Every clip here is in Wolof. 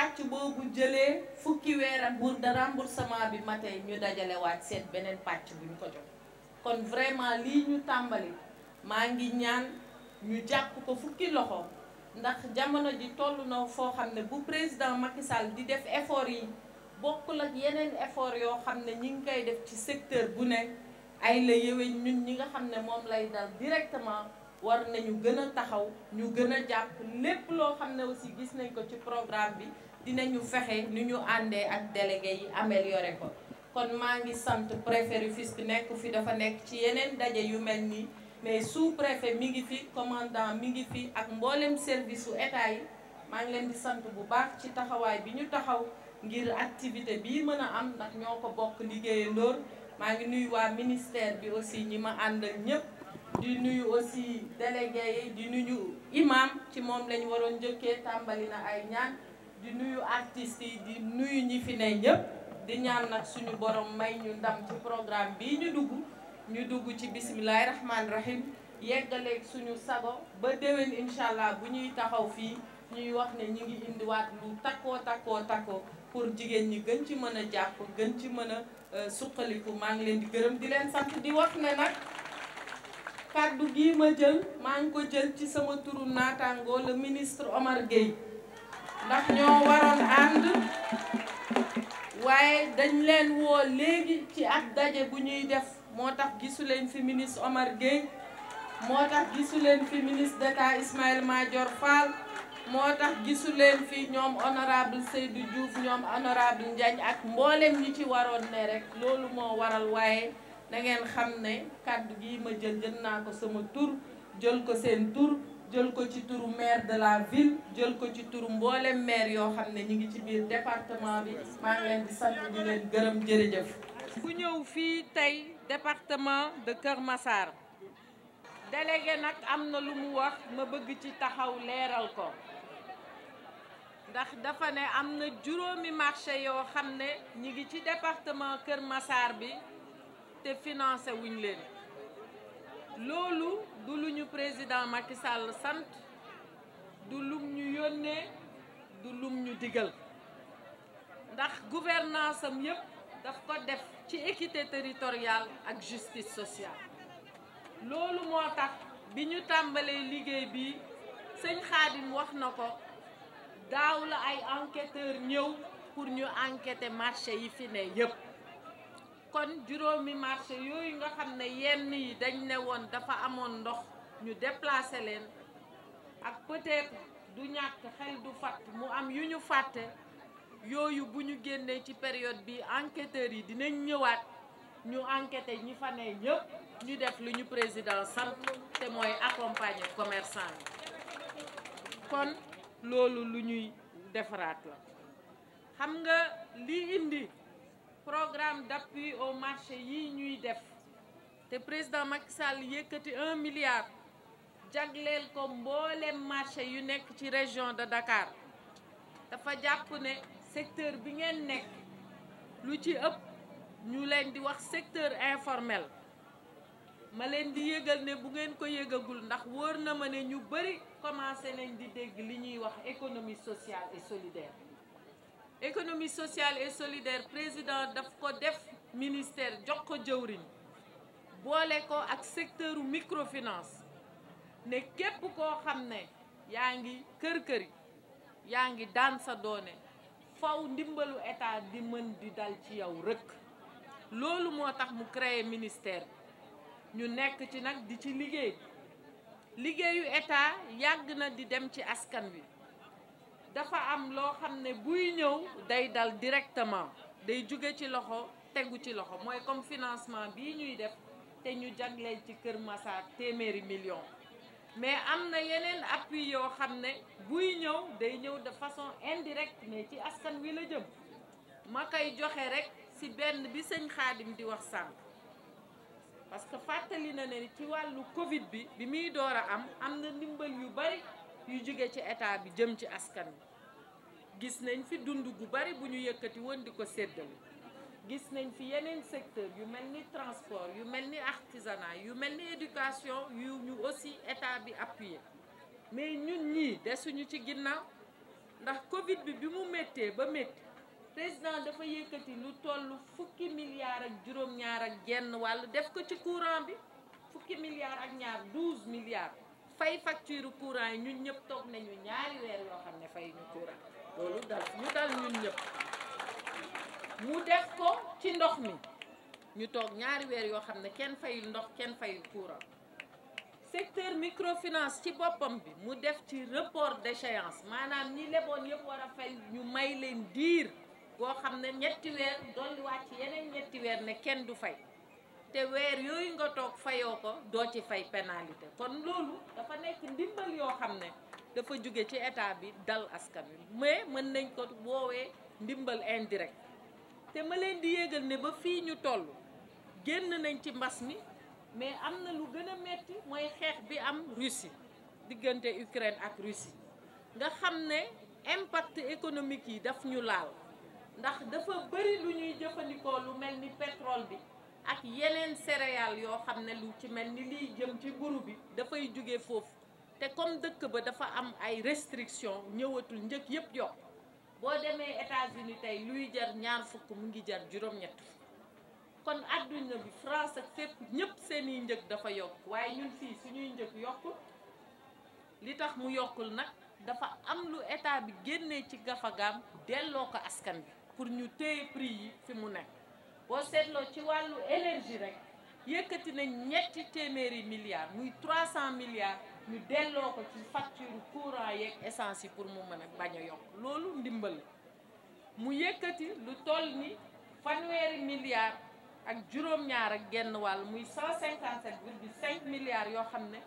pàcc boobu jëlee fukki weeram ak buur de remboursement bi matee ñu dajale waat seet beneen pàcc bu ñu ko jox kon vraiment lii ñu tàmbali maa ngi ñaan ñu jàpp ko fukki loxo ndax jamono ji toll na foo xam ne bu président Macky Sall di def effort yi bokkul ak yeneen effort yoo xam ne ñi ngi koy def ci secteur bu ne ay la yéwén ñun ñi nga xam ne moom lay dal directement war nañu gën a taxaw ñu gën a jàpp lépp loo xam ne aussi gis nañ ko ci programme bi dinañu fexe nu ñu àndee ak délégué yi amélioré ko kon maa ngi sant préfet Rufisque nekku fi dafa nekk ci yeneen daje yu mel nii mais sous préfet mi ngi fi commandant mi ngi fi ak mboolem service su état yi maa ngi leen di sant bu baax ci taxawaay bi ñu taxaw ngir activité bii mën a am ndax ñoo ko bokk liggéeyandoor maa ngi nuyu waa ministère bi aussi ñi ma ànd ñëpp di nuyu aussi délégué yi di nuyu imam ci moom lañu waroon njëkkee tàmbali na ay ñaan di nuyu artistes yi di nuyu ñi fi ne ñëpp di ñaan nag suñu borom may ñu ndam ci programme bii ñu dugg ñu dugg ci bisimilahi rahmaani rahim yeggaleeg suñu sago ba déwén incha allah bu ñuy taxaw fii ñuy wax ne ñu ngi indiwaat lu takkoo takkoo takkoo pour jigéen ñi gën ci mën a jàpp gën ci mën a euh, suqaliku maa ngi leen di gërëm di leen sant di wax ne nag kàddu gii ma jël maa ngi ko jël ci sama turu naataango le ministre Omar Gueye ndax ñoo waroon ànd waaye dañ leen woo léegi ci ak daje bu ñuy def moo tax gisu leen fi ministre Omar Gueye moo tax gisuleen leen fi ministre d'État Ismaïla Madior Fall moo tax gisu leen fi ñoom honorable Seydou Diouf ñoom honorable Ndiagne ak mbooleem ñi ci waroon ne rek loolu moo waral waaye na ngeen xam ne kàddu gi ma jël jël naa ko sama tur jël ko seen tur jël ko ci turu maire de la ville jël ko ci turu mboolem maire yoo xam ne ñu ngi ci biir département bi maa ngi di sant di leen gërëm jërëjëf. ku ñëw fii tey département de Kër Massar délégué nag am na lu mu wax ma bëgg ci taxaw leeral ko ndax dafa ne am na juróomi marché yoo xam ne ñu ngi ci département Kër Massar bi te financé wuñ leen. loolu du lu ñu président Macky sant du lum ñu yónnee du lum ñu digal ndax gouvernance am yëpp daf ko def ci équité territoriale ak justice sociale loolu moo tax bi ñu tàmbalee liggéey bi sëñ Xaadim wax na ko daaw la ay enquêteur ñëw pour ñu enquêter marché yi fi ne yëpp kon juróomi marché yooyu nga xam ne yenn yi dañ ne woon dafa amoon ndox ñu déplacé leen ak peut du ñàkk xel du fàtt mu am yu ñu fàtte yooyu bu ñu génnee ci période bi enquêteurs yi dinañ ñëwaat ñu enquêté ñi fa ne ñëpp ñu def lu ñu président sant te mooy accompagner commerçant kon loolu lu ñuy defaraat la xam nga li indi programme d'appui au marché yi ñuy def te président Macky Sall yëkkati un milliard jagleel ko mboolem marché yu nekk ci région de Dakar dafa jàpp ne secteur bi ngeen nekk lu ci ëpp ñu leen di wax secteur informel ma leen di yëgal ne bu ngeen ko yëgagul ndax wër na ma ne ñu bëri commencé nañ di dégg li ñuy wax économie sociale et solidaire économie sociale et solidaire président daf ko def ministère jox ko jëwriñ boole ko ak secteuru microfinance ne képp ko xam ne yaa ngi kër-këri yaa ngi daan sa doone faw ndimbalu état di mën di dal ci yow rëkk loolu moo tax mu créer ministère ñu nekk ci nag di ci liggéey liggéeyu état yàgg na di dem ci askan wi dafa am loo xam ne buy ñëw day dal directement day jóge ci loxo tegu ci loxo mooy comme financement bi ñuy def te ñu jagleel ci Kër Massar téeméeri million mais am na yeneen appui yoo xam ne buy ñëw day ñëw de façon indirecte mais ci askan wi la jëm ma koy joxe rek ci benn bi sëñ Xaadim di wax sànq parce que fàttali na ne ci wàllu Covid bi bi muy door a am am na ndimbal yu bari yu jóge ci état bi jëm ci askan bi gis nañ fi dund gu bari bu ñu yëkkati woon di ko séddale gis nañ fi yeneen secteur yu mel ni transport yu mel ni artisanat yu mel ni éducation yu ñu aussi état bi appuyé mais ñun ñii suñu ci ginnaaw ndax Covid bi bi mu méttee ba métti président dafa yëkkati lu toll fukki milliards ak juróom-ñaar ak genn wàll def ko ci courant bi fukki milliards ak ñaar douze milliards. fay facture courant yi ñun ñëpp toog nañu ñaari weer yoo xam ne fay ñu courant loolu dal ñu dal ñun ñëpp mu def ko ci ndox mi ñu toog ñaari weer yoo xam ne kenn fayul ndox kenn fayul courant secteur microfinance ci boppam bi mu def ci report d'échéance maanaam ñi leboon yëpp war a fay ñu may leen diir goo xam ne ñetti weer dolliwaat ci yeneen ñetti weer ne kenn du fay te weer yooyu nga toog fayoo ko doo ci fay pénalité kon loolu dafa nekk ndimbal yoo xam ne dafa jóge ci état bi dal askan wi mais mën nañ ko woowee ndimbal indirect te ma leen di yéegal ne ba fii ñu toll génn nañ ci mbas mi mais am na lu gën a metti mooy xeex bi am russi diggante Ukraine ak Russie nga xam ne impact économique yi daf ñu laal ndax dafa bëri lu ñuy jëfandikoo lu mel ni petrol bi ak yeneen céréales yoo xam ne lu ci mel ni liy jëm ci guru bi dafay jóge foofu te comme dëkk ba dafa am ay restrictions ñëwatul njëg yëpp yokk boo demee États-Unis tey luy jar ñaar fukk mu ngi jar juróom-ñett kon adduna bi France ak fépp ñëpp seeni njëg dafa yokk waaye ñun fii suñuy njëg yokkul li tax mu yokkul nag dafa am lu état bi génnee ci gafagaam delloo ko askan bi pour ñu téye prix yi fi mu nekk. boo seetloo ci wàllu énergie rek yëkkati nañ ñetti téeméeri milliards muy 300 milliards ñu delloo ko ci facture courant yeeg essence yi pour mu mën a bañ a yokk loolu ndimbal mu yëkkati lu toll ni fanweeri milliards ak juróom-ñaar ak genn wàll muy 157 virgule 5 milliards yoo xam ne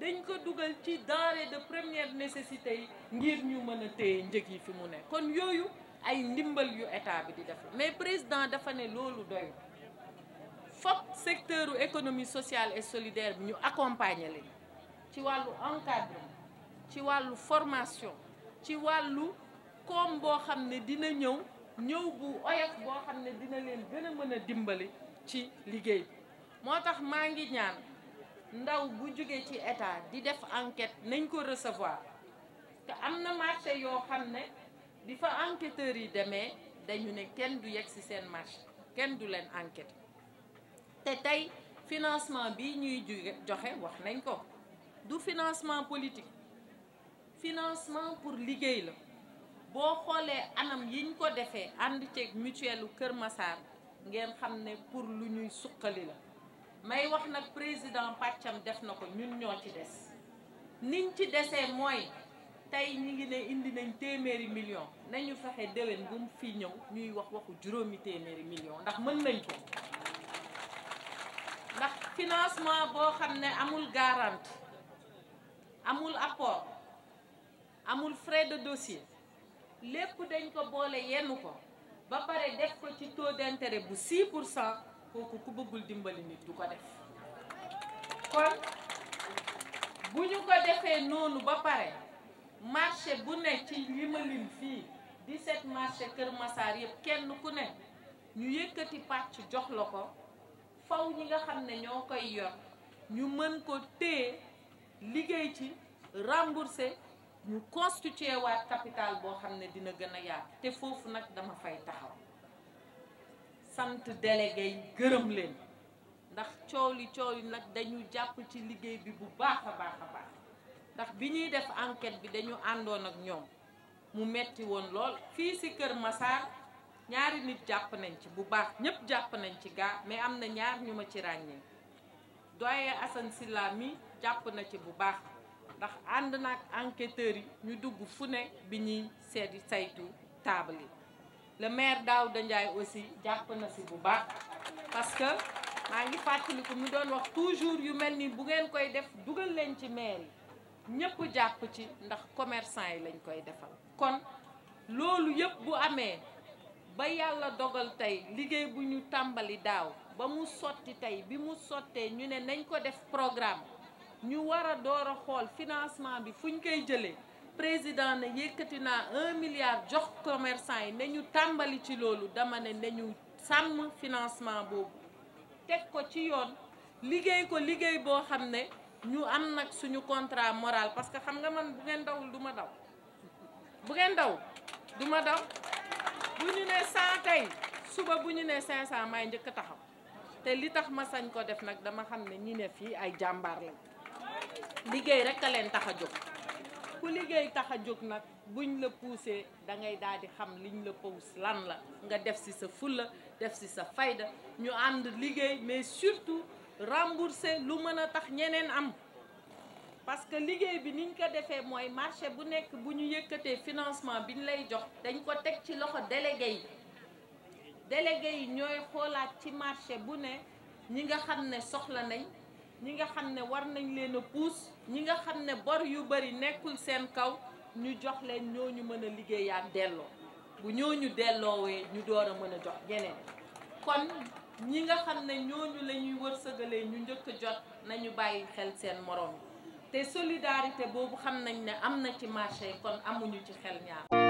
dañ ko dugal ci denrée de première nécessité yi ngir ñu mën a téye njëg yi fi mu ne kon yooyu ay ndimbal yu état bi di def mais président dafa ne loolu doyul foog secteur économie sociale et solidaire bi ñu accompagner leen ci wàllu encadrement ci wàllu formation ci wàllu koom boo xam ne dina ñëw ñëw bu oyof boo xam ne dina leen gën a mën a dimbali ci liggéey bi moo tax maa ngi ñaan ndaw bu jóge ci état di def enquête nañ ko recevoir te am na marché yoo xam ne di fa enquêteurs yi demee dañu ne kenn du yegg ci seen marché kenn du leen enquête te tey financement bi ñuy joxe wax nañ ko du financement politique financement pour liggéey la boo xoolee anam yiñ ko defee ànd ceeg mutuelu Kër Massar ngeen xam ne pour lu ñuy suqali la may wax nag président pàccam def na ko ñun ñoo ci des niñ ci desee mooy tey ñi ngi ne indi nañ téeméeri million nañu fexe déwén bu mu fi ñëw ñuy wax waxu juróomi téeméeri million ndax mën nañ ko ndax financement boo xam ne amul garant amul apport amul frais de dossier lépp dañ ko boole yenn ko ba pare def ko ci taux d'intérêt bu 6 pour cent kooku ku bëggul dimbali nit du ko def kon bu ñu ko defee noonu ba pare marché bu ne ci li fii di set 17 marché Kër Massar yëpp kenn ku ne ñu yëkkati pàcc jox la ko faw ñi nga xam ne ñoo koy yor ñu mën ko téye liggéey ci rembourser ñu constitué waat capital boo xam ne dina gën a yaatu te foofu nag dama fay taxaw sant délégué yi gërëm leen ndax coow li coow li nag dañu jàpp ci liggéey bi bu baax a baax a baax ndax bi ñuy def enquête bi dañu àndoon ak ñoom mu metti woon lool fii si Kër Massar ñaari nit jàpp nañ ci bu baax ñëpp jàpp nañ ci gaa mais am na ñaar ñu ma ci ràññee doye Assane Sylla mi jàpp na ci bu baax ndax ànd naag enquêteurs yi ñu dugg fu ne bi ñuy seeti saytu taabal yi le daaw Daouda Ndiaye aussi jàpp na si bu baax parce que maa ngi fàttaliku mu doon wax toujours yu mel ni bu ngeen koy def dugal leen ci maire yi ñëpp jàpp ci ndax commerçant yi lañ koy defal kon loolu yëpp bu amee ba yàlla dogal tey liggéey bu ñu tàmbali daaw ba mu sotti tey bi mu sottee ñu ne nañ ko def programme ñu war a door a xool financement bi fu ñu koy jëlee président ne yëkkati naa un milliard jox commerçant yi nañu tàmbali ci loolu dama ne nañu sàmm financement boobu teg ko ci yoon liggéey ko liggéey boo xam ne ñu am nag suñu contrat moral parce que xam nga man bu dawul duma daw bu ngeen daw duma daw bu ñu ne 100 tey suba bu ñu ne 500 may njëkk taxaw te li tax ma sañ ko def nag dama xam ne ñi ne fii ay jàmbaar lañ liggéey rek a leen tax a jóg ku liggéey tax a jóg nag buñ la poussé da ngay daal di xam liñ la pousse lan la nga def si sa fulla def si sa fayda ñu ànd liggéey mais surtout rembourser lu mën a tax ñeneen am parce que liggéey bi niñ ko defee mooy marché bu nekk bu ñu yëkkatee financement bi ñu lay jox dañ ko teg ci loxo délégué yi délégué yi ñooy xoolaat ci marché bu ne ñi nga xam ne soxla nañ ñi nga xam ne war nañ leen a puus ñi nga xam ne bor yu bari nekkul seen kaw ñu jox leen ñooñu mën a liggéeyaat delloo bu ñooñu delloowee ñu door a mën a jox ñeneen kon ñi nga xam ne ñooñu la ñuy wërsëgalee ñu njëkk jot nañu bàyyi xel seen moroom te solidarité boobu xam nañu ne am na ci marché kon amuñu ci xel ñaar